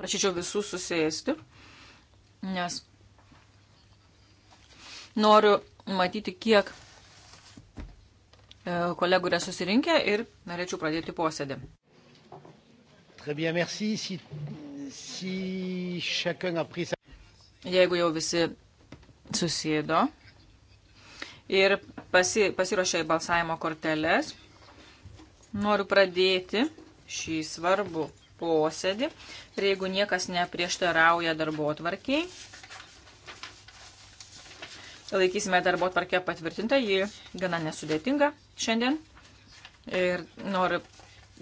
Prašyčiau visų susėsti, nes noriu matyti, kiek e, kolegų yra susirinkę ir norėčiau pradėti posėdį. Jeigu jau visi susėdo ir pasi, pasiruošė į balsavimo korteles, Noriu pradėti šį svarbų posėdį ir jeigu niekas neprieštarauja darbo tvarkiai, laikysime darbo tvarkę patvirtintą, ji gana nesudėtinga šiandien. Ir noriu,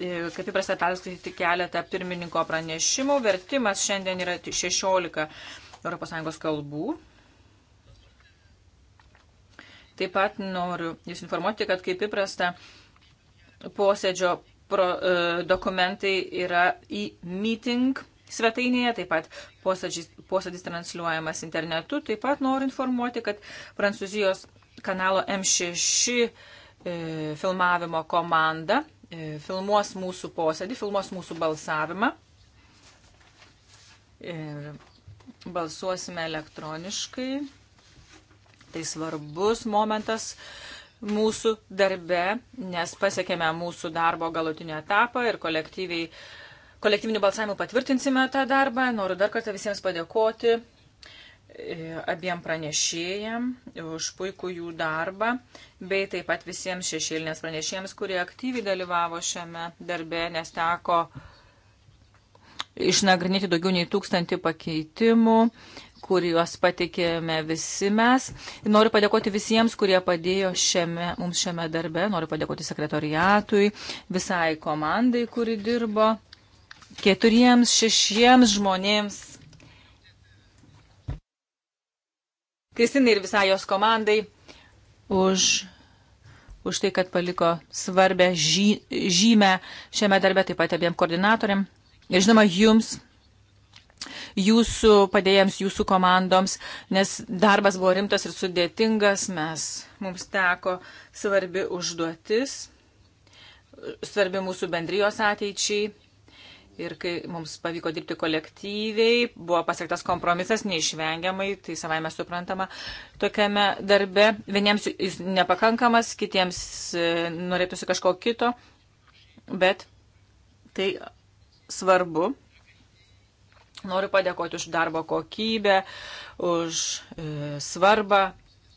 e, kaip įprasta, perskaityti keletą pirmininko pranešimų. Vertimas šiandien yra 16 ES kalbų. Taip pat noriu Jūs informuoti, kad kaip įprasta, posėdžio pro, e, dokumentai yra į meeting svetainėje, taip pat posėdžis, posėdis transliuojamas internetu. Taip pat noriu informuoti, kad Prancūzijos kanalo M6 e, filmavimo komanda e, filmuos mūsų posėdį, filmuos mūsų balsavimą. Ir balsuosime elektroniškai. Tai svarbus momentas. E, mūsų darbe, nes pasiekėme mūsų darbo galutinį etapą ir kolektyviai, kolektyviniu balsavimu patvirtinsime tą darbą. Noriu dar kartą visiems padėkoti e, abiem pranešėjam už puikų jų darbą, bei taip pat visiems šešėlinės pranešėjams, kurie aktyviai dalyvavo šiame darbe, nes teko išnagrinėti daugiau nei tūkstantį pakeitimų kuriuos patikėjome visi mes. Noriu padėkoti visiems, kurie padėjo šiame, mums šiame darbe. Noriu padėkoti sekretoriatui, visai komandai, kuri dirbo, keturiems, šešiems žmonėms. Kristinai ir visai jos komandai už, už tai, kad paliko svarbę žy, žymę šiame darbe, taip pat abiem koordinatoriam. Ir žinoma, jums jūsų padėjams, jūsų komandoms, nes darbas buvo rimtas ir sudėtingas, mes, mums teko svarbi užduotis, svarbi mūsų bendrijos ateičiai. Ir kai mums pavyko dirbti kolektyviai, buvo pasiektas kompromisas, neišvengiamai, tai savai mes suprantama, tokiame darbe vieniems jis nepakankamas, kitiems e, norėtųsi kažko kito, bet tai svarbu Noriu padėkoti už darbo kokybę, už e, svarbą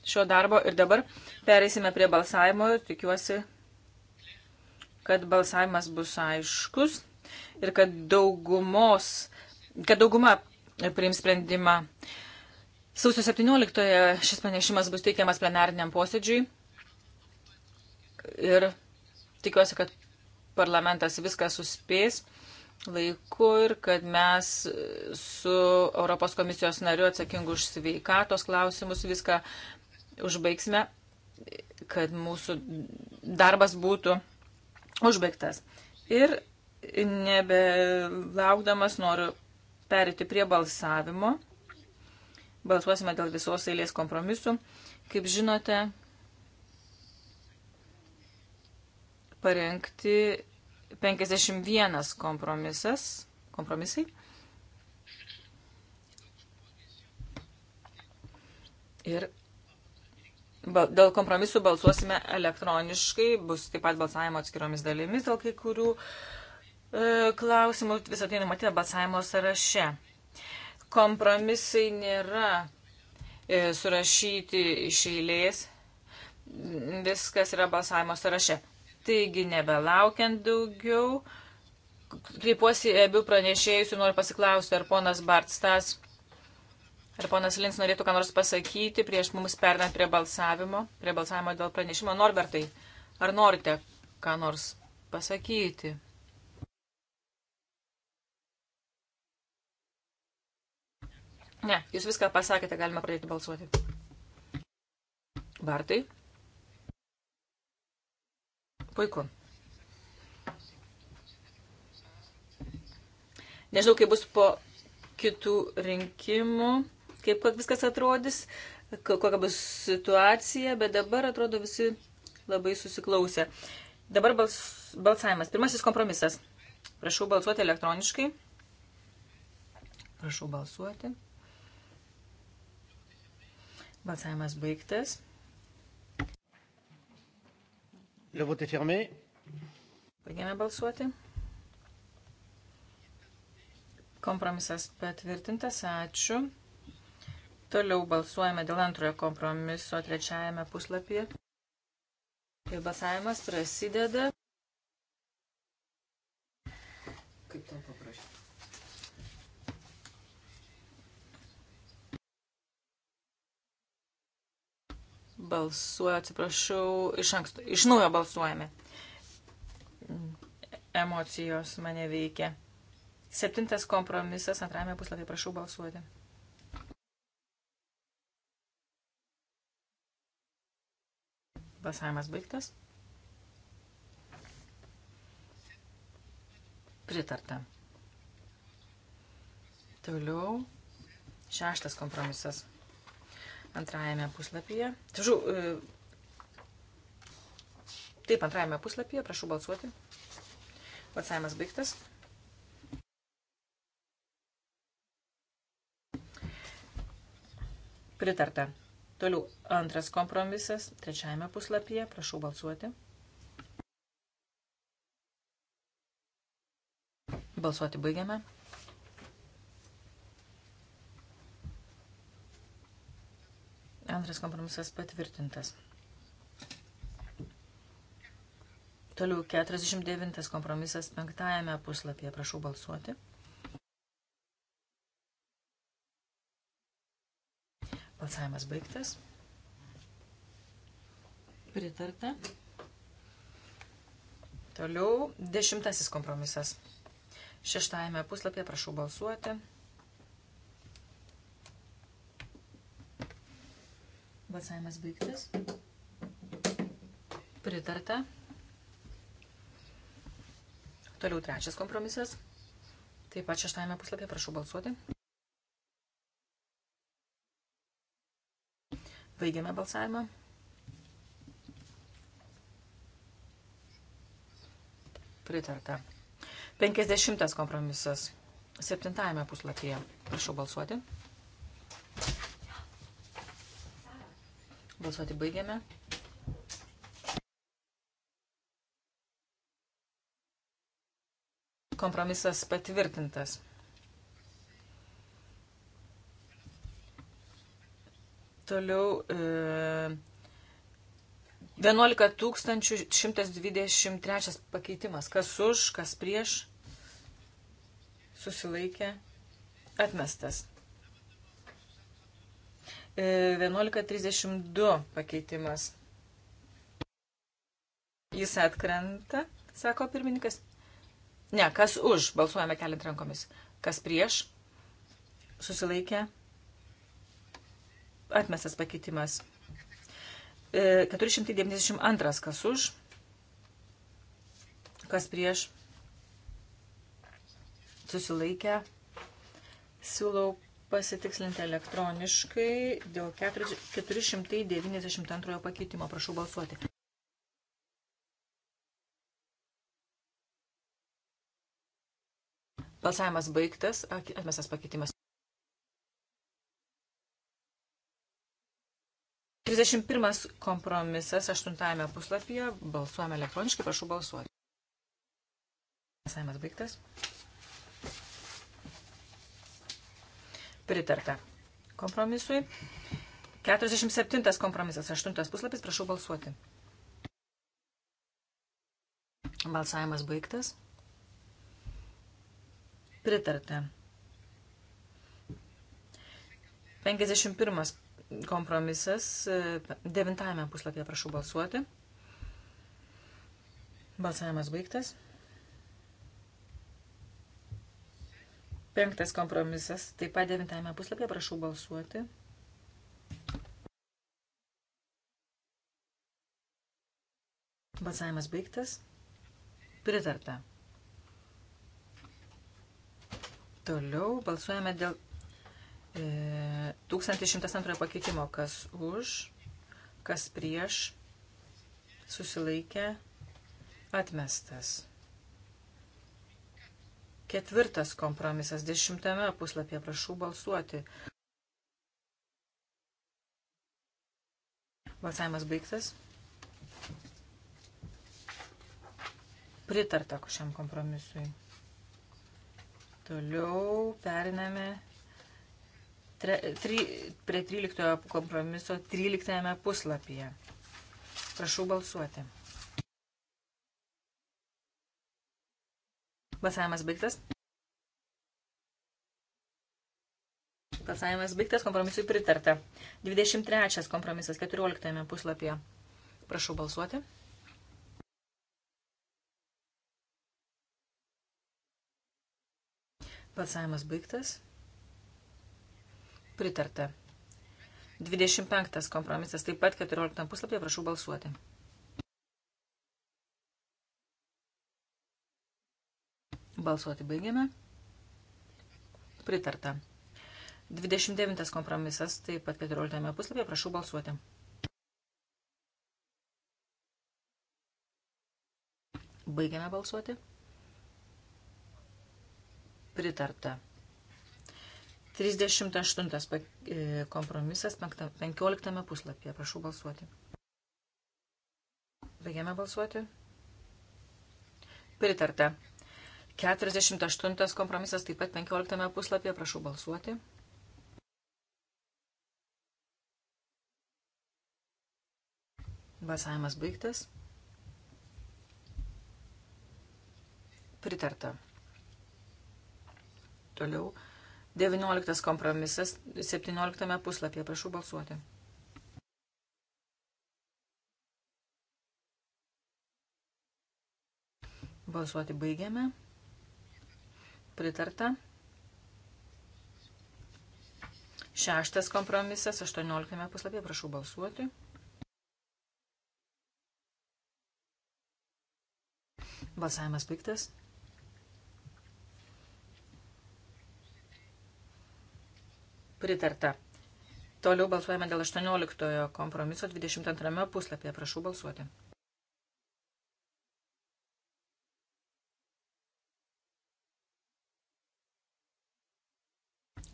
šio darbo. Ir dabar pereisime prie balsavimo. Tikiuosi, kad balsavimas bus aiškus ir kad, daugumos, kad dauguma priims sprendimą. Sausio 17-ąją šis pranešimas bus teikiamas plenariniam posėdžiui ir tikiuosi, kad parlamentas viską suspės laiku ir kad mes su Europos komisijos nariu atsakingu už sveikatos klausimus viską užbaigsime, kad mūsų darbas būtų užbaigtas. Ir nebelaukdamas noriu perėti prie balsavimo. Balsuosime dėl visos eilės kompromisų. Kaip žinote, parengti 51 kompromisas, kompromisai. Ir dėl kompromisų balsuosime elektroniškai, bus taip pat balsavimo atskiromis dalimis dėl kai kurių e, klausimų, visą tai numatyta balsavimo sąraše. Kompromisai nėra e, surašyti iš eilės, viskas yra balsavimo sąraše. Taigi, nebelaukiant daugiau, kreipiuosi abių pranešėjus ir noriu pasiklausti, ar ponas Bartstas, ar ponas Lins norėtų ką nors pasakyti prieš mums pernant prie balsavimo, prie balsavimo dėl pranešimo. Norbertai, ar norite ką nors pasakyti? Ne, jūs viską pasakėte, galime pradėti balsuoti. Bartai? Puiku. Nežinau, kaip bus po kitų rinkimų, kaip viskas atrodys, kokia bus situacija, bet dabar atrodo visi labai susiklausę. Dabar bals, balsavimas. Pirmasis kompromisas. Prašau balsuoti elektroniškai. Prašau balsuoti. Balsavimas baigtas. Le vote est fermé. Baigėme balsuoti. Kompromisas patvirtintas, ačiū. Toliau balsuojame dėl antrojo kompromiso trečiajame puslapyje. Ir balsavimas prasideda. Kaip ten paprastai? balsuoju, atsiprašau, iš, anksto, iš naujo balsuojame. Emocijos mane veikia. Septintas kompromisas, antrame puslapyje, prašau balsuoti. Balsavimas baigtas. Pritarta. Toliau šeštas kompromisas antrajame puslapyje. Tažu, e, taip, antrajame puslapyje, prašau balsuoti. Balsavimas baigtas. Pritarta. Toliau antras kompromisas, trečiajame puslapyje, prašau balsuoti. Balsuoti baigiame. Antras kompromisas patvirtintas. Toliau 49 kompromisas penktajame puslapyje. Prašau balsuoti. Balsavimas baigtas. Pritarta. Toliau dešimtasis kompromisas. Šeštajame puslapyje prašau balsuoti. Balsavimas baigtas. Pritarta. Toliau trečias kompromisas. Taip pat šeštame puslapyje prašau balsuoti. Baigiame balsavimą. Pritarta. 50 kompromisas. Septintame puslapyje. Prašau balsuoti. Balsuoti baigiame. Kompromisas patvirtintas. Toliau e, 11 123 pakeitimas. Kas už, kas prieš, susilaikė, atmestas. 11.32 e, pakeitimas. Jis atkrenta, sako pirmininkas. Ne, kas už, balsuojame keliant rankomis. Kas prieš, susilaikė, atmestas pakeitimas. 492, e, kas už, kas prieš, susilaikė, siūlau pasitikslinti elektroniškai dėl 492 pakeitimo. Prašau balsuoti. Balsavimas baigtas, atmestas pakeitimas. 31 kompromisas 8 puslapyje. Balsuojame elektroniškai, prašau balsuoti. Balsavimas baigtas. Pritarta. Kompromisui. 47 kompromisas, 8 puslapis, prašau balsuoti. Balsavimas baigtas. Pritarta. 51 kompromisas, 9 puslapyje prašau balsuoti. Balsavimas baigtas. Penktas kompromisas, taip pat devintame puslapyje, prašau balsuoti. Balsavimas baigtas. Pritarta. Toliau balsuojame dėl e, 1102 pakeitimo, kas už, kas prieš, susilaikė, atmestas. Ketvirtas kompromisas dešimtame puslapyje prašau balsuoti. Balsavimas baigtas. Pritarta šiam kompromisui. Toliau periname tre, tri, prie 13 kompromiso 13 puslapyje. Prašau balsuoti. Balsavimas baigtas. Balsavimas baigtas, kompromisui pritarta. 23 kompromisas 14 puslapyje. Prašau balsuoti. Balsavimas baigtas. Pritarta. 25 kompromisas taip pat 14 puslapyje. Prašau balsuoti. Balsuoti baigiame. Pritarta. 29 kompromisas, taip pat 14 puslapyje, prašau balsuoti. Baigiame balsuoti. Pritarta. 38 e, kompromisas 15 puslapyje. Prašau balsuoti. Baigiame balsuoti. Pritarta. 48 kompromisas taip pat 15 puslapyje, prašau balsuoti. Balsavimas baigtas. Pritarta. Toliau 19 kompromisas 17 puslapyje, prašau balsuoti. Balsuoti baigiame pritarta. Šeštas kompromisas, 18 puslapyje, prašau balsuoti. Balsavimas baigtas. Pritarta. Toliau balsuojame dėl 18 kompromiso 22 puslapyje. Prašau balsuoti.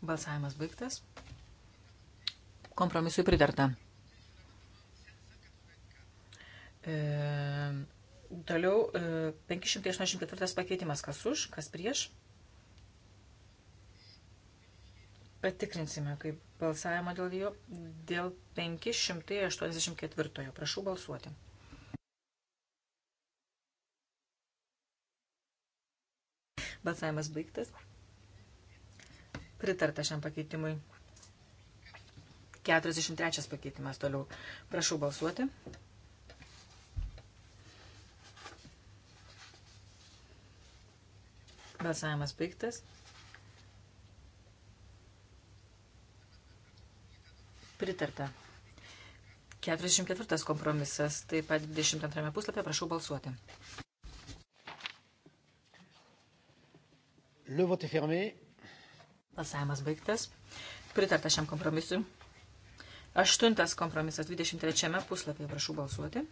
Balsavimas baigtas. Kompromisui pritarta. E, toliau e, 584 pakeitimas. Kas už, kas prieš? Patikrinsime, kaip balsavimo dėl jo dėl 584. Prašau balsuoti. Balsavimas baigtas. Pritarta šiam pakeitimui. 43 pakeitimas toliau. Prašau balsuoti. Balsavimas baigtas. Pritarta. 44 kompromisas, taip pat 22 puslapė, prašau balsuoti. Le vote est fermé. Balsavimas baigtas. Pritarta šiam kompromisui. Aštuntas kompromisas 23 puslapyje. Prašau balsuoti.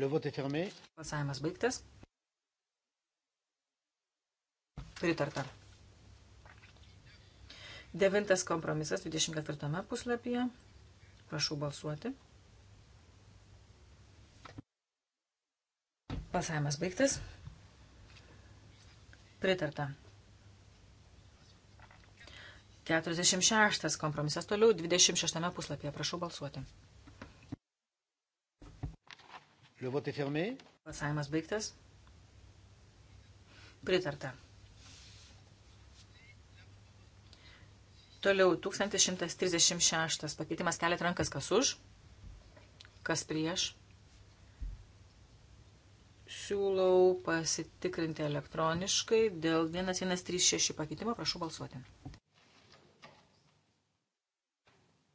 Le vote est fermé. Balsavimas baigtas. Pritarta. Devintas kompromisas 24 puslapyje. Prašau balsuoti. Balsavimas baigtas. Pritarta. 46 kompromisas toliau 26 puslapyje. Prašau balsuoti. Balsavimas baigtas. Pritarta. Toliau 1136 pakeitimas keliat rankas kas už, kas prieš Siūlau pasitikrinti elektroniškai dėl 1136 pakeitimo. Prašau balsuoti.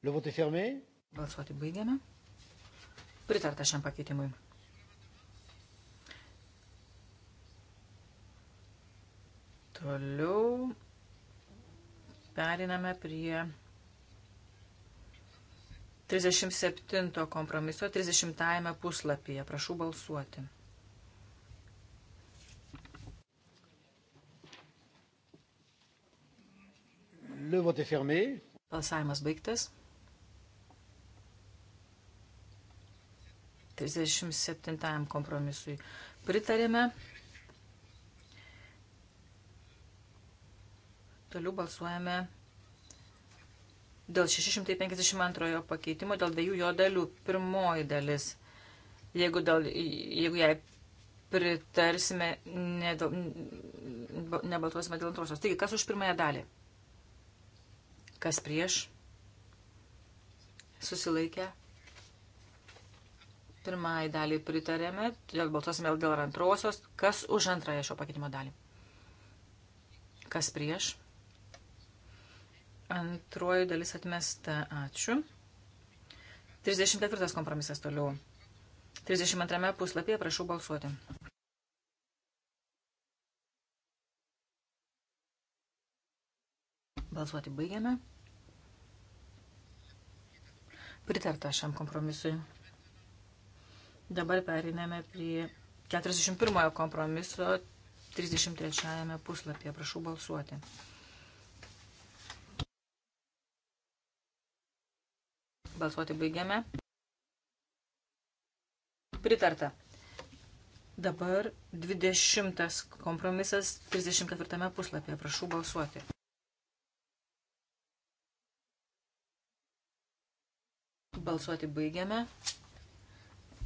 Le vote est fermé. Balsuoti baigiame. Pritarta šiam pakeitimui. Toliau periname prie 37 kompromiso 30 puslapyje. Prašau balsuoti. Le vote est fermé. Balsavimas baigtas. 37 kompromisui pritarėme. Toliau balsuojame dėl 652 pakeitimo, dėl dviejų jo dalių. Pirmoji dalis, jeigu, dėl, jeigu jai pritarsime, nebaltuosime dėl antrosios. Taigi, kas už pirmąją dalį? Kas prieš? Susilaikę. Pirmąjį dalį pritarėme, dėl balsuosime dėl antrosios. Kas už antrąją šio pakeitimo dalį? Kas prieš? Antroji dalis atmesta. Ačiū. 34 kompromisas toliau. 32 puslapyje prašau balsuoti. Balsuoti baigiame. Pritarta šiam kompromisui. Dabar periname prie 41 kompromiso 33 puslapyje. Prašau balsuoti. Balsuoti baigiame. Pritarta. Dabar 20 kompromisas 34 puslapyje. Prašau balsuoti. Balsuoti baigiame.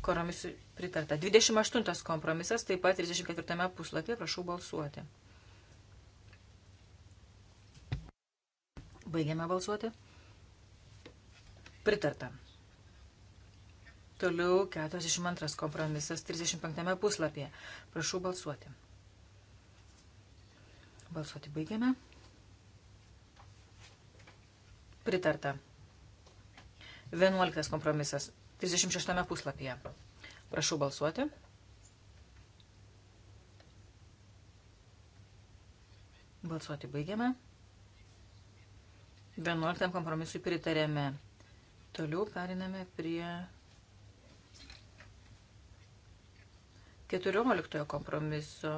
Kompromisui pritarta. 28 kompromisas, taip pat 34 puslapyje, prašau balsuoti. Baigiame balsuoti. Pritarta. Toliau 42 kompromisas 35 puslapyje. Prašau balsuoti. Balsuoti baigiame. Pritarta. 11 kompromisas 36 puslapyje. Prašau balsuoti. Balsuoti baigiame. 11 kompromisui pritarėme. Toliau periname prie 14 kompromiso.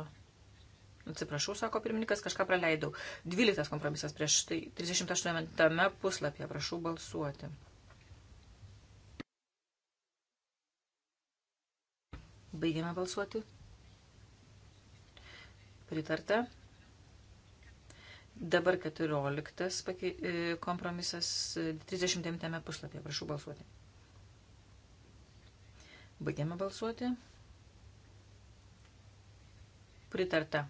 Atsiprašau, sako pirmininkas, kažką praleidau. 12 kompromisas prieš tai 38 puslapyje. Prašau balsuoti. Baigiame balsuoti. Pritarta. Dabar 14 e, kompromisas 39 e, puslapyje. Prašau balsuoti. Baigiame balsuoti. Pritarta.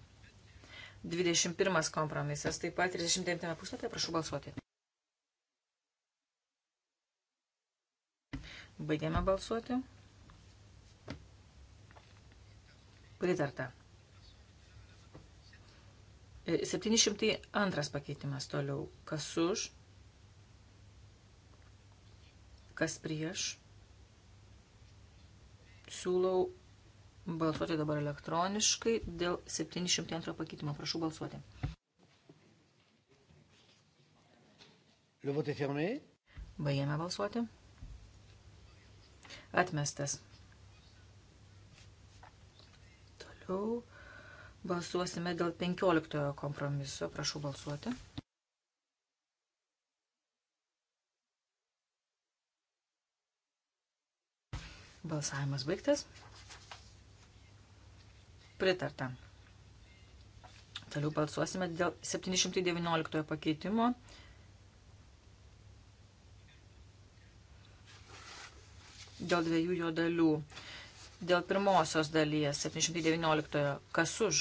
21 kompromisas, taip pat 39 puslapyje. Prašau balsuoti. Baigiame balsuoti. Pritarta. 702 e, pakeitimas toliau. Kas už? Kas prieš? Siūlau balsuoti dabar elektroniškai dėl 702 pakeitimo. Prašau balsuoti. Baigėme balsuoti. Atmestas. sakiau, balsuosime dėl 15 kompromiso. Prašau balsuoti. Balsavimas baigtas. Pritarta. Toliau balsuosime dėl 719 pakeitimo. Dėl dviejų jo dalių. Dėl pirmosios dalies 719. Kas už?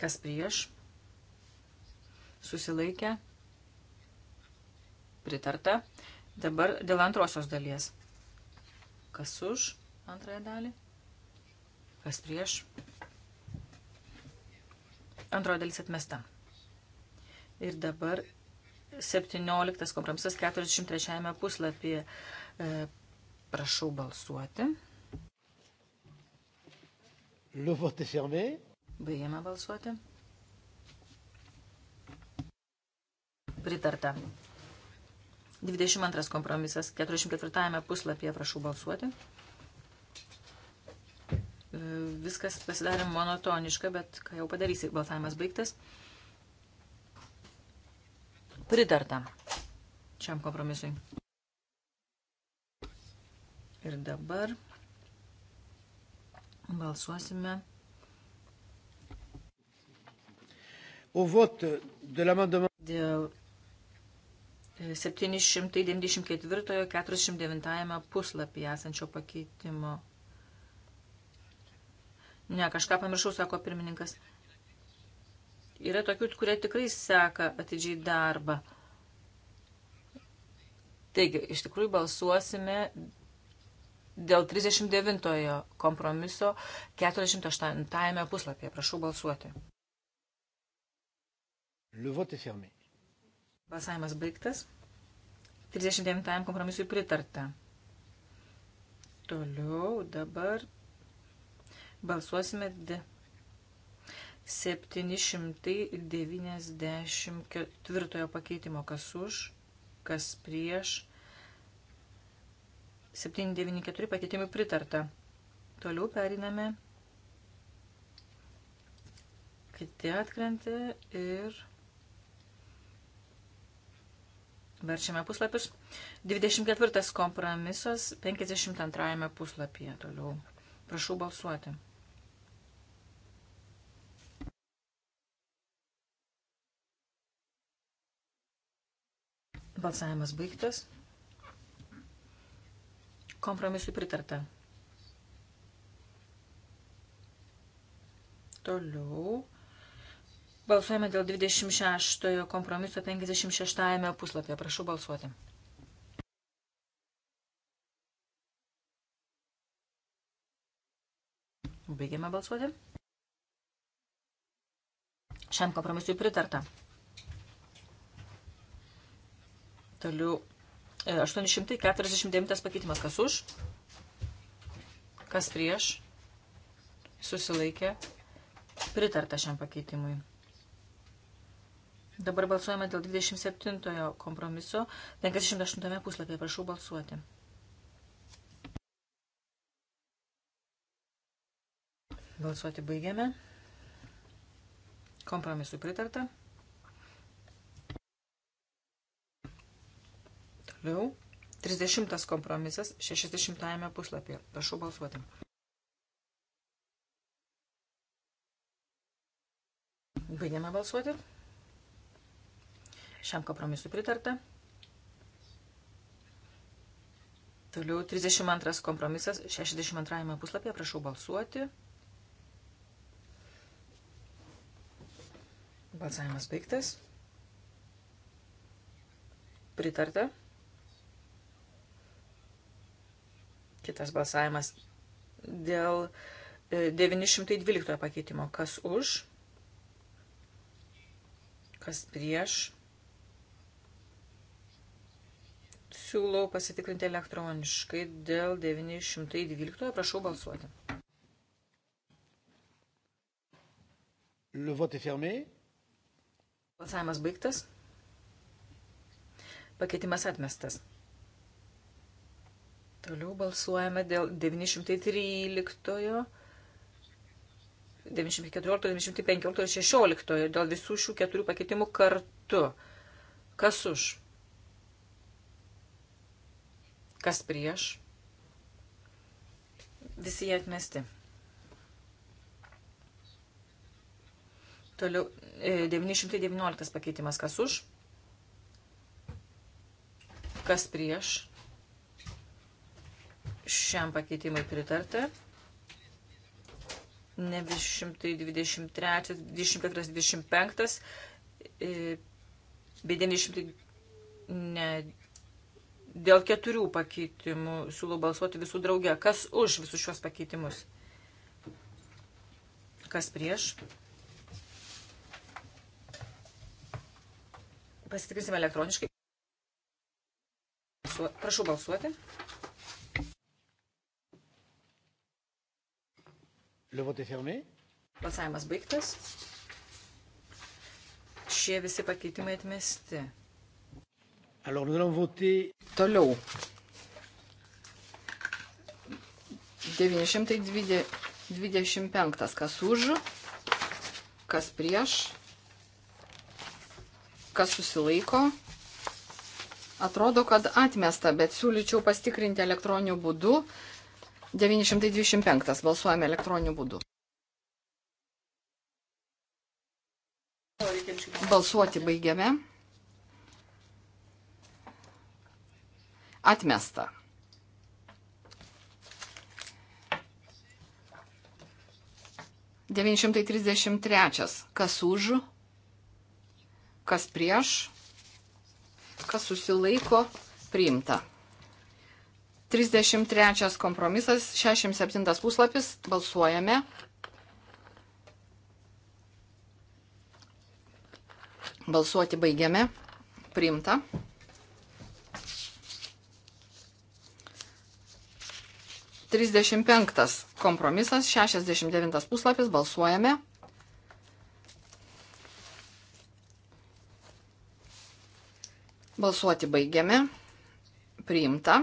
Kas prieš? Susilaikė? Pritarta. Dabar dėl antrosios dalies. Kas už antrąją dalį? Kas prieš? Antroji dalis atmesta. Ir dabar 17 kompromisas 43 puslapyje e, Prašau balsuoti. Le vote est fermé. Baigiame balsuoti. Pritarta. 22 kompromisas, 44 puslapyje prašau balsuoti. Viskas pasidarė monotoniška, bet ką jau padarysi, balsavimas baigtas. Pritarta šiam kompromisui. Ir dabar balsuosime. Dėl 794-49 e, puslapį esančio pakeitimo. Ne, kažką pamiršau, sako pirmininkas. Yra tokių, kurie tikrai seka atidžiai darbą. Taigi, iš tikrųjų balsuosime dėl 39 kompromiso 48 puslapyje. Prašau balsuoti. Balsavimas baigtas. 39 kompromisui pritarta. Toliau dabar balsuosime D. 794 pakeitimo, kas už, kas prieš, 794 pakeitimui pritarta. Toliau periname. Kiti atkrenti ir verčiame puslapius. 24 kompromisas 52 puslapyje toliau. Prašau balsuoti. Balsavimas baigtas. Kompromisui pritarta. Toliau. Balsuojame dėl 26 kompromiso 56 puslapyje. Prašau balsuoti. Baigiame balsuoti. Šiam kompromisui pritarta. Toliau 849 pakeitimas. Kas už? Kas prieš? Susilaikė. Pritarta šiam pakeitimui. Dabar balsuojame dėl 27 kompromiso. 58 puslapyje prašau balsuoti. Balsuoti baigiame. Kompromisui pritarta. Toliau. 30 kompromisas 60 puslapyje. Prašau balsuoti. Baigiame balsuoti. Šiam kompromisu pritarta. Toliau 32 kompromisas 62 puslapyje. Prašau balsuoti. Balsavimas baigtas. Pritarta. Kitas balsavimas dėl 912 e, pakeitimo. Kas už? Kas prieš? Siūlau pasitikrinti elektroniškai dėl 912. Prašau balsuoti. Le vote est fermé. Balsavimas baigtas. Pakeitimas atmestas. Toliau balsuojame dėl 913, 914, 915 ir 16 ir dėl visų šių keturių pakeitimų kartu. Kas už? Kas prieš? Visi jie atmesti. Toliau 919 e, pakeitimas. Kas už? Kas prieš? šiam pakeitimui pritarta. Ne 123, 24, 25, bei 900, ne, dėl keturių pakeitimų siūlau balsuoti visų draugė. Kas už visus šios pakeitimus? Kas prieš? Pasitikrinsime elektroniškai. Prašau balsuoti. Le vote est fermé. Balsavimas baigtas. Šie visi pakeitimai atmesti. Alors, nous allons voter. Toliau. 925. Kas už, kas prieš, kas susilaiko. Atrodo, kad atmesta, bet siūlyčiau pastikrinti elektroniniu būdu. 925. Balsuojame elektroniniu būdu. Balsuoti baigiame. Atmesta. Devinšimtai trisdešimt trečias. Kas už? Kas prieš? Kas susilaiko? Priimta. 33 kompromisas, 67 puslapis, balsuojame. Balsuoti baigiame. Priimta. Trisdešimt penktas kompromisas, šešiasdešimt devintas puslapis, balsuojame. Balsuoti baigiame. Priimta.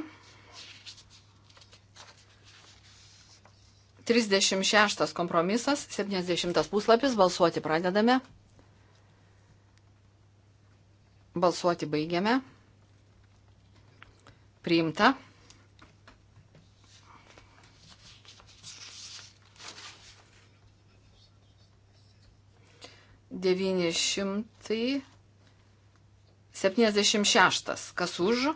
36 kompromisas, 70 puslapis, balsuoti pradedame. Balsuoti baigiame. Priimta. Devyni šimtai septyniasdešimt šeštas. Kas už?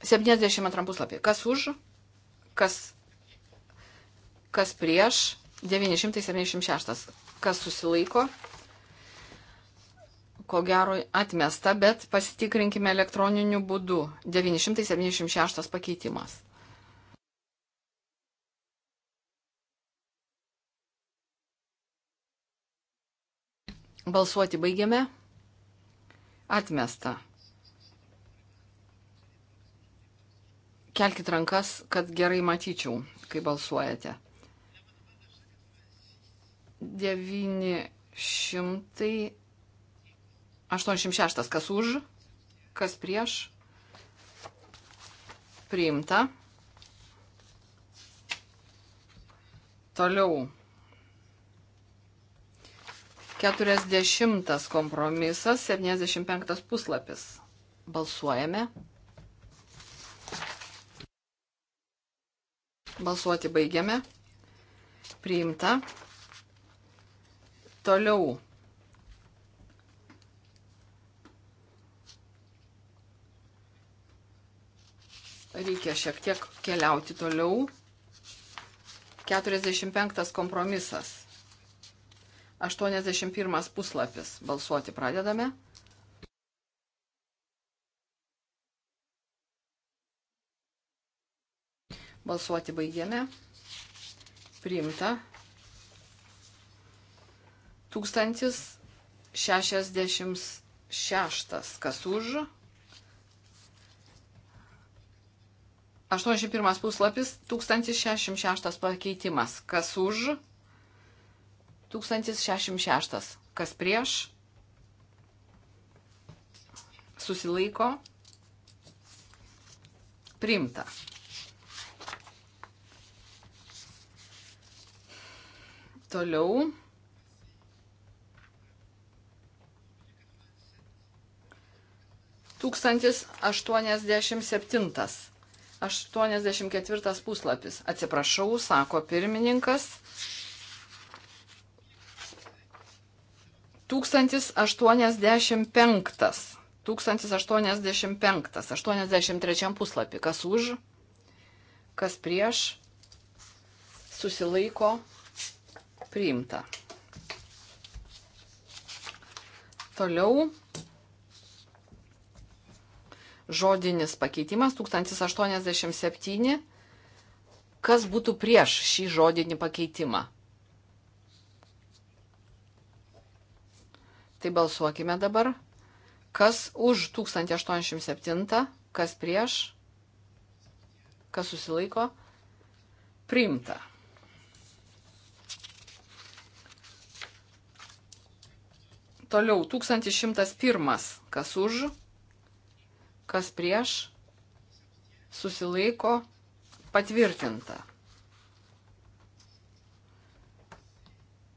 Septyniasdešimt antram puslapį. Kas už? Kas už? kas, kas prieš, 976, kas susilaiko, ko gero atmesta, bet pasitikrinkime elektroniniu būdu, 976 pakeitimas. Balsuoti baigiame. Atmesta. Kelkit rankas, kad gerai matyčiau, kai balsuojate. 986. Kas už, kas prieš. Priimta. Toliau. 40 kompromisas, 75 puslapis. Balsuojame. Balsuoti baigiame. Priimta. Toliau. Reikia šiek tiek keliauti toliau. 45 kompromisas. 81 puslapis. Balsuoti pradedame. Balsuoti baigėme. Priimta. 1066. Kas už? 81 puslapis, 1066 pakeitimas. Kas už? 1066. Kas prieš? Susilaiko. Primta. Toliau. Tūkstantis aštuoniasdešimt septintas. 84 puslapis. Atsiprašau, sako pirmininkas. 1085. 1085. 83 puslapį. Kas už, kas prieš, susilaiko, priimta. Toliau žodinis pakeitimas 1087. Kas būtų prieš šį žodinį pakeitimą? Tai balsuokime dabar. Kas už 1087, kas prieš, kas susilaiko, priimta. Toliau 1101. Kas už, kas prieš, susilaiko patvirtinta.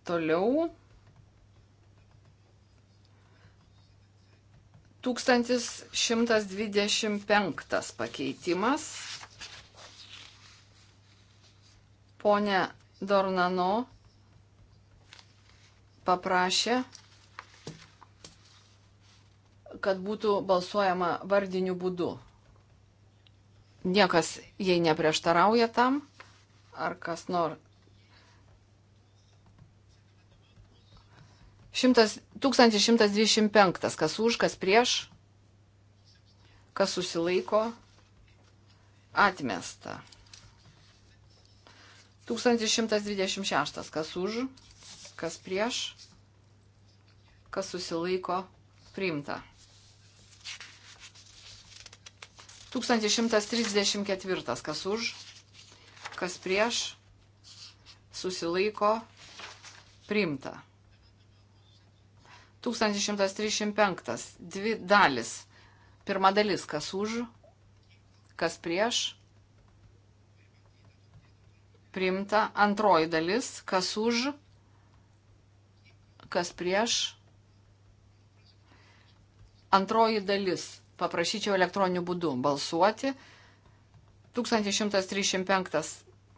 Toliau 1125 pakeitimas. Pone Dornano paprašė kad būtų balsuojama vardiniu būdu. Niekas, jei neprieštarauja tam, ar kas nors. 1125, kas už, kas prieš, kas susilaiko, atmesta. 1126, kas už, kas prieš, kas susilaiko, priimta. 1134. Kas už, kas prieš, susilaiko, priimta. 1135. Dvi dalis. Pirma dalis, kas už, kas prieš, priimta. Antroji dalis, kas už, kas prieš. Antroji dalis paprašyčiau elektroniniu būdu balsuoti. 1135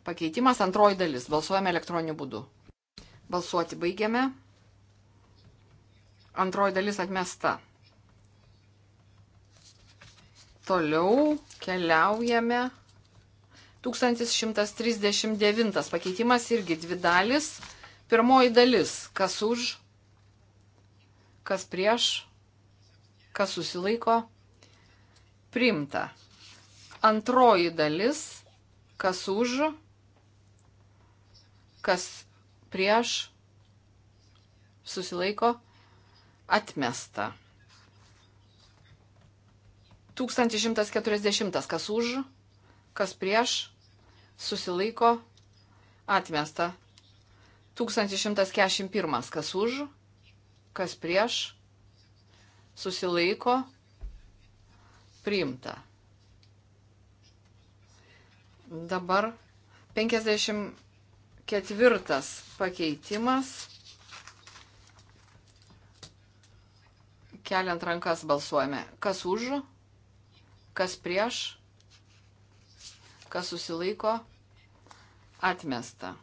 pakeitimas, antroji dalis. Balsuojame elektroniniu būdu. Balsuoti baigiame. Antroji dalis atmesta. Toliau keliaujame. 1139 pakeitimas irgi dvi dalis. Pirmoji dalis, kas už, kas prieš, kas susilaiko, Primta. Antroji dalis, kas už, kas prieš, susilaiko, atmesta. 1140, kas už, kas prieš, susilaiko, atmesta. 1141, kas už, kas prieš, susilaiko, atmesta priimta. Dabar 54 pakeitimas. Keliant rankas balsuojame. Kas už, kas prieš, kas susilaiko, atmesta.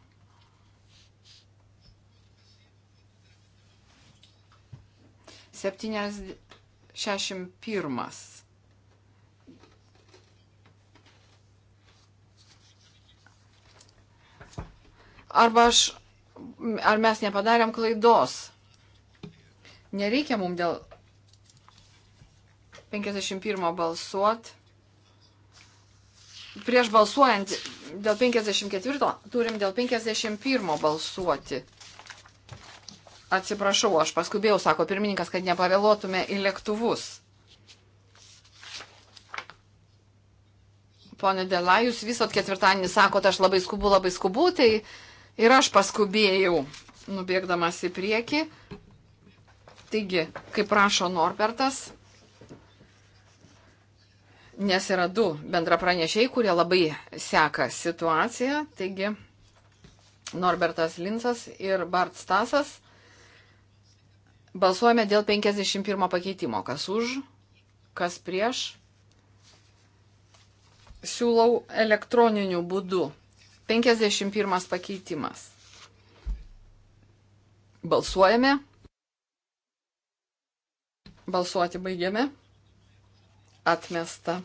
Septyniasdešimt pirmas. Arba aš, ar mes nepadarėm klaidos? Nereikia mums dėl 51 balsuot. Prieš balsuojant dėl 54 turim dėl 51 balsuoti. Atsiprašau, aš paskubėjau, sako pirmininkas, kad nepavėluotume į lėktuvus. Pone Dela, jūs visot ketvirtadienį sakote, aš labai skubu, labai skubu, tai Ir aš paskubėjau, nubėgdamas į priekį. Taigi, kaip prašo Norbertas, nes yra du bendra pranešiai, kurie labai seka situaciją. Taigi, Norbertas Linsas ir Bart Stasas. Balsuojame dėl 51 pakeitimo. Kas už, kas prieš. Siūlau elektroniniu būdu 51 pakeitimas. Balsuojame. Balsuoti baigiame. Atmesta.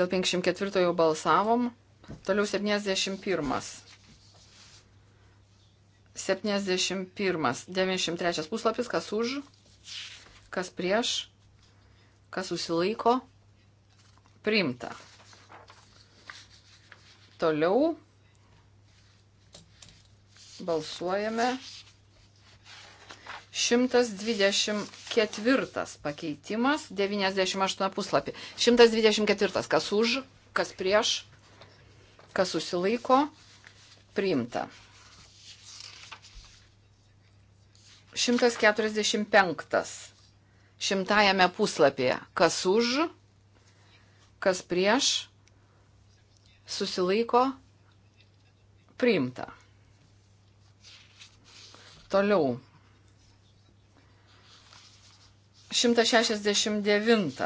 Dėl 54 jau balsavom. Toliau 71. 71. 93 puslapis. Kas už? Kas prieš? Kas susilaiko? Priimta. Toliau balsuojame 124 pakeitimas, 98 puslapį. 124, kas už, kas prieš, kas susilaiko, priimta. 145, šimtajame puslapyje, kas už, kas prieš, susilaiko, priimta. Toliau. 169.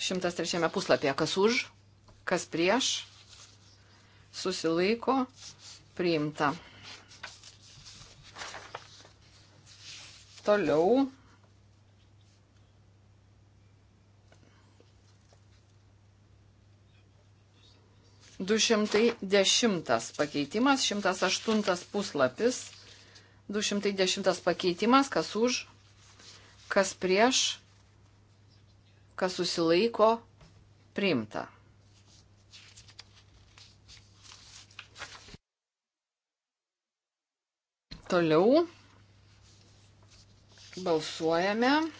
103 puslapyje. Kas už, kas prieš, susilaiko, priimta. Toliau. 210 pakeitimas, 108 puslapis, 210 pakeitimas, kas už, kas prieš, kas susilaiko, priimta. Toliau balsuojame.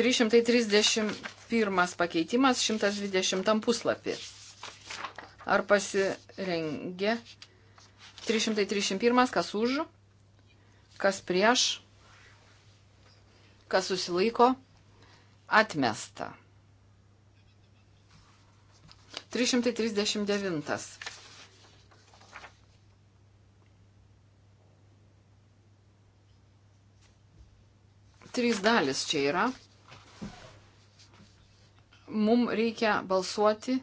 331 pakeitimas 120 puslapį. Ar pasirengė 331, kas už, kas prieš, kas susilaiko, atmesta. 339. trys dalis čia yra mums reikia balsuoti,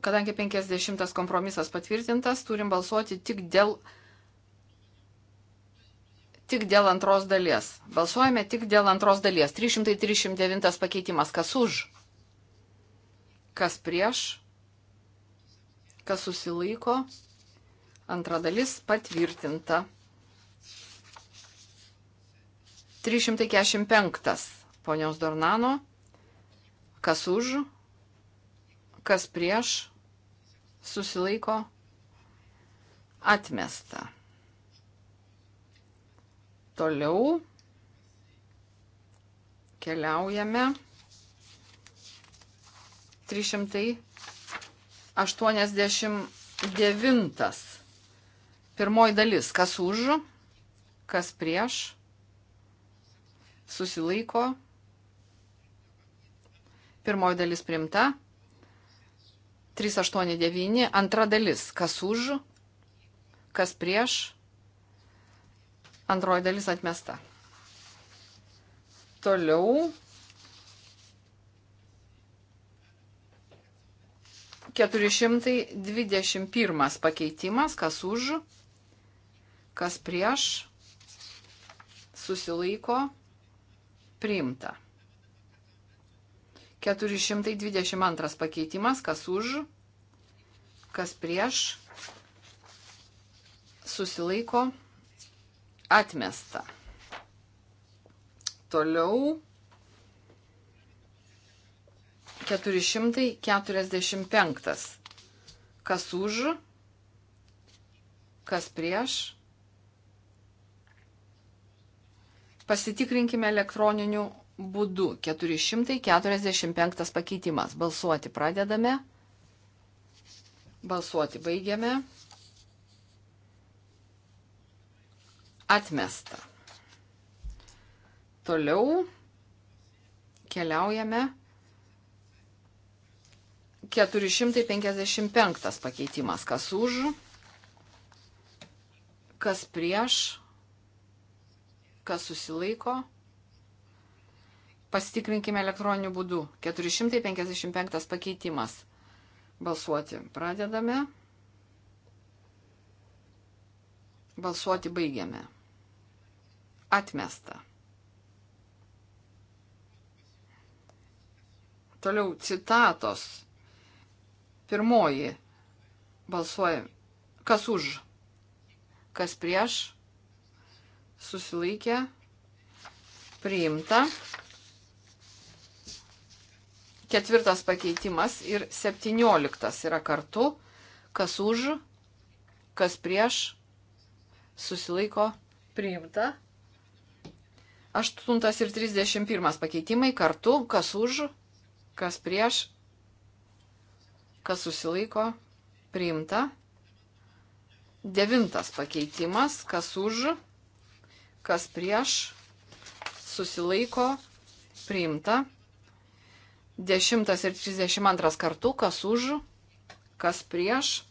kadangi 50 kompromisas patvirtintas, turim balsuoti tik dėl, tik dėl antros dalies. Balsuojame tik dėl antros dalies. 339 pakeitimas. Kas už? Kas prieš? Kas susilaiko? Antra dalis patvirtinta. 345 ponios Dornano Kas už, kas prieš, susilaiko atmesta. Toliau keliaujame 389. Pirmoji dalis, kas už, kas prieš, susilaiko atmesta Pirmoji dalis primta. 389. Antra dalis. Kas už, kas prieš. Antroji dalis atmesta. Toliau. 421 pakeitimas, kas už, kas prieš, susilaiko, priimta. 422 pakeitimas, kas už, kas prieš, susilaiko, atmesta. Toliau 445, kas už, kas prieš. Pasitikrinkime elektroniniu būdu. 445 pakeitimas. Balsuoti pradedame. Balsuoti baigiame. Atmesta. Toliau keliaujame. 455 pakeitimas. Kas už, kas prieš, kas susilaiko. Pasitikrinkime elektroniniu būdu. 455 pakeitimas. Balsuoti pradedame. Balsuoti baigiame. Atmesta. Toliau citatos. Pirmoji. Balsuoja. Kas už? Kas prieš? Susilaikė. Priimta. Ketvirtas pakeitimas ir septynioliktas yra kartu, kas už, kas prieš, susilaiko priimta. Aštuntas ir trisdešimt pirmas pakeitimai kartu, kas už, kas prieš, kas susilaiko priimta. Devintas pakeitimas, kas už, kas prieš, susilaiko priimta. 10 ir 32 kartu, kas už, kas prieš.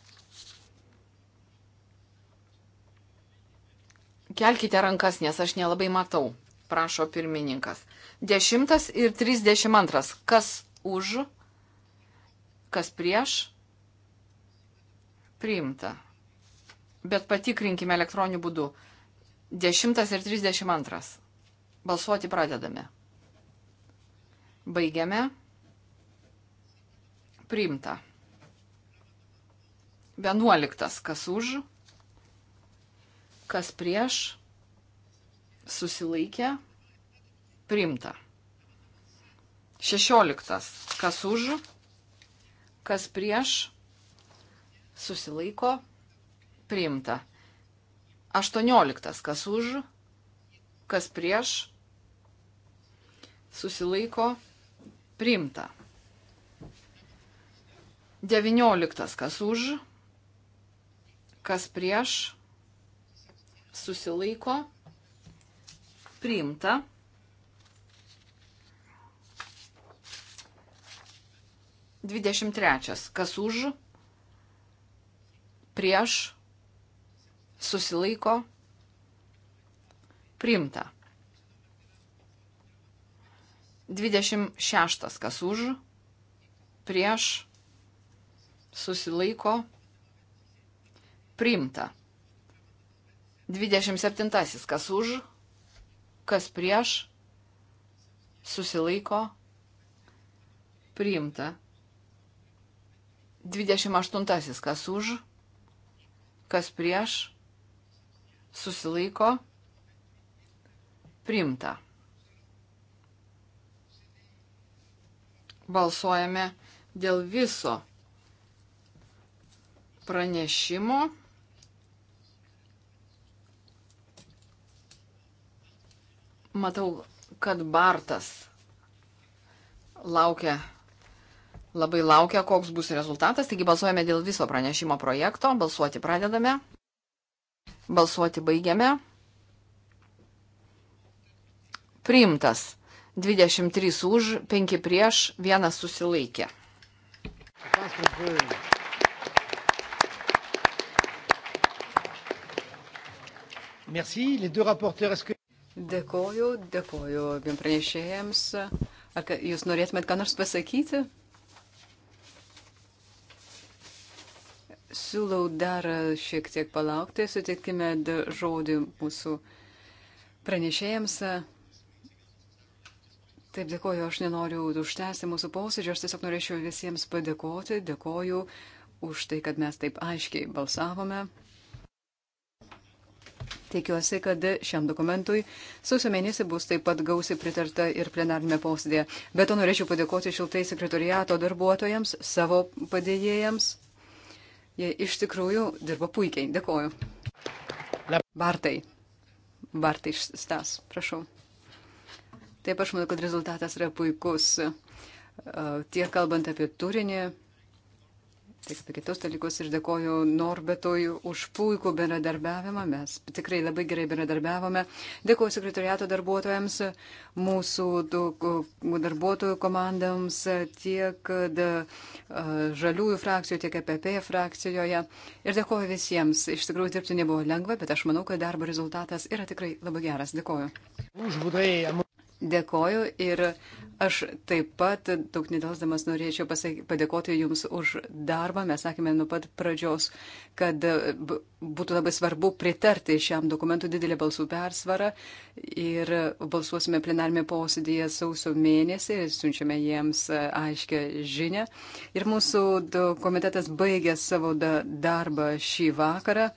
Kelkite rankas, nes aš nelabai matau, prašo pirmininkas. 10 ir 32, kas už, kas prieš. Priimta. Bet patikrinkime elektroniniu būdu. 10 ir 32. Balsuoti pradedame. Baigiame. Priimta. Vienuoliktas, kas už, kas prieš, susilaikė, priimta. Šešioliktas, kas už, kas prieš, susilaiko, priimta. Aštuonioliktas, kas už, kas prieš, susilaiko, priimta. 19. Kas už, kas prieš, susilaiko, priimta. Dvidešimt trečias. Kas už, prieš, susilaiko, priimta. Dvidešimt šeštas. Kas už, prieš, susilaiko priimta. 27. Kas už, kas prieš, susilaiko priimta. 28. Kas už, kas prieš, susilaiko priimta. Balsuojame dėl viso pranešimo. Matau, kad Bartas laukia, labai laukia, koks bus rezultatas. Taigi balsuojame dėl viso pranešimo projekto. Balsuoti pradedame. Balsuoti baigiame. Priimtas. 23 už, 5 prieš, 1 susilaikė. Thank you. Merci, les deux rapporteurs. Que... Dėkoju, dėkoju abiem pranešėjams. Ar jūs norėtumėt ką nors pasakyti? Siūlau dar šiek tiek palaukti, sutikime žodį mūsų pranešėjams. Taip, dėkoju, aš nenoriu užtęsti mūsų posėdžio, aš tiesiog norėčiau visiems padėkoti, dėkoju už tai, kad mes taip aiškiai balsavome. Tikiuosi, kad šiam dokumentui sausio mėnesį bus taip pat gausiai pritarta ir plenarime posėdėje. Bet to norėčiau padėkoti šiltai sekretoriato darbuotojams, savo padėjėjams. Jie iš tikrųjų dirba puikiai. Dėkoju. Bartai. Bartai iš Stas, prašau. Taip, aš manau, kad rezultatas yra puikus. Tiek kalbant apie turinį, tiek apie kitus dalykus ir dėkoju Norbetui už puikų bendradarbiavimą. Mes tikrai labai gerai bendradarbiavome. Dėkoju sekretariato darbuotojams, mūsų darbuotojų komandams tiek žaliųjų frakcijų, tiek EPP frakcijoje. Ir dėkoju visiems. Iš tikrųjų dirbti nebuvo lengva, bet aš manau, kad darbo rezultatas yra tikrai labai geras. Dėkoju. Dėkoju ir aš taip pat, daug nedelsdamas, norėčiau pasak, padėkoti Jums už darbą. Mes sakėme nuo pat pradžios, kad būtų labai svarbu pritarti šiam dokumentui didelį balsų persvarą ir balsuosime plenarme posėdėje sausio mėnesį ir siunčiame jiems aiškę žinę. Ir mūsų komitetas baigė savo darbą šį vakarą.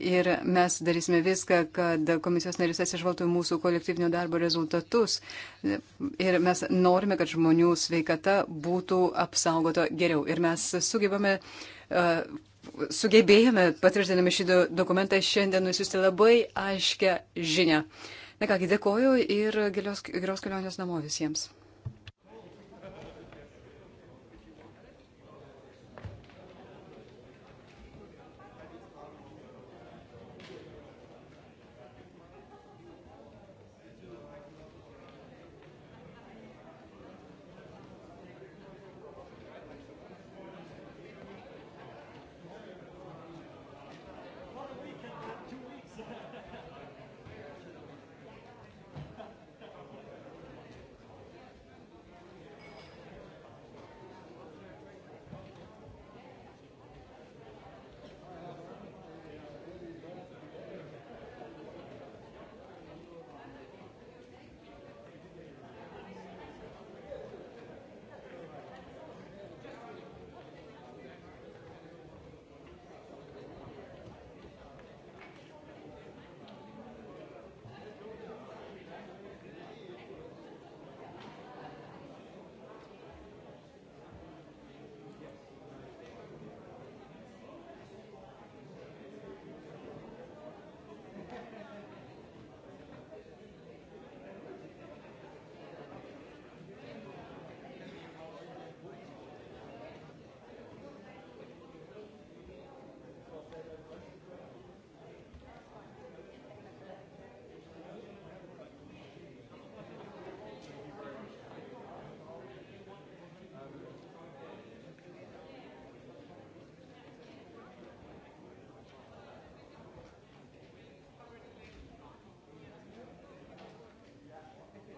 Ir mes darysime viską, kad komisijos narys atsižvalgtų į mūsų kolektyvinio darbo rezultatus. Ir mes norime, kad žmonių sveikata būtų apsaugota geriau. Ir mes sugebame, e, sugebėjome, patvirtinami šį dokumentą, šiandien nusiųsti labai aiškę žinę. Na kągi, dėkoju ir geros kelionės namo visiems.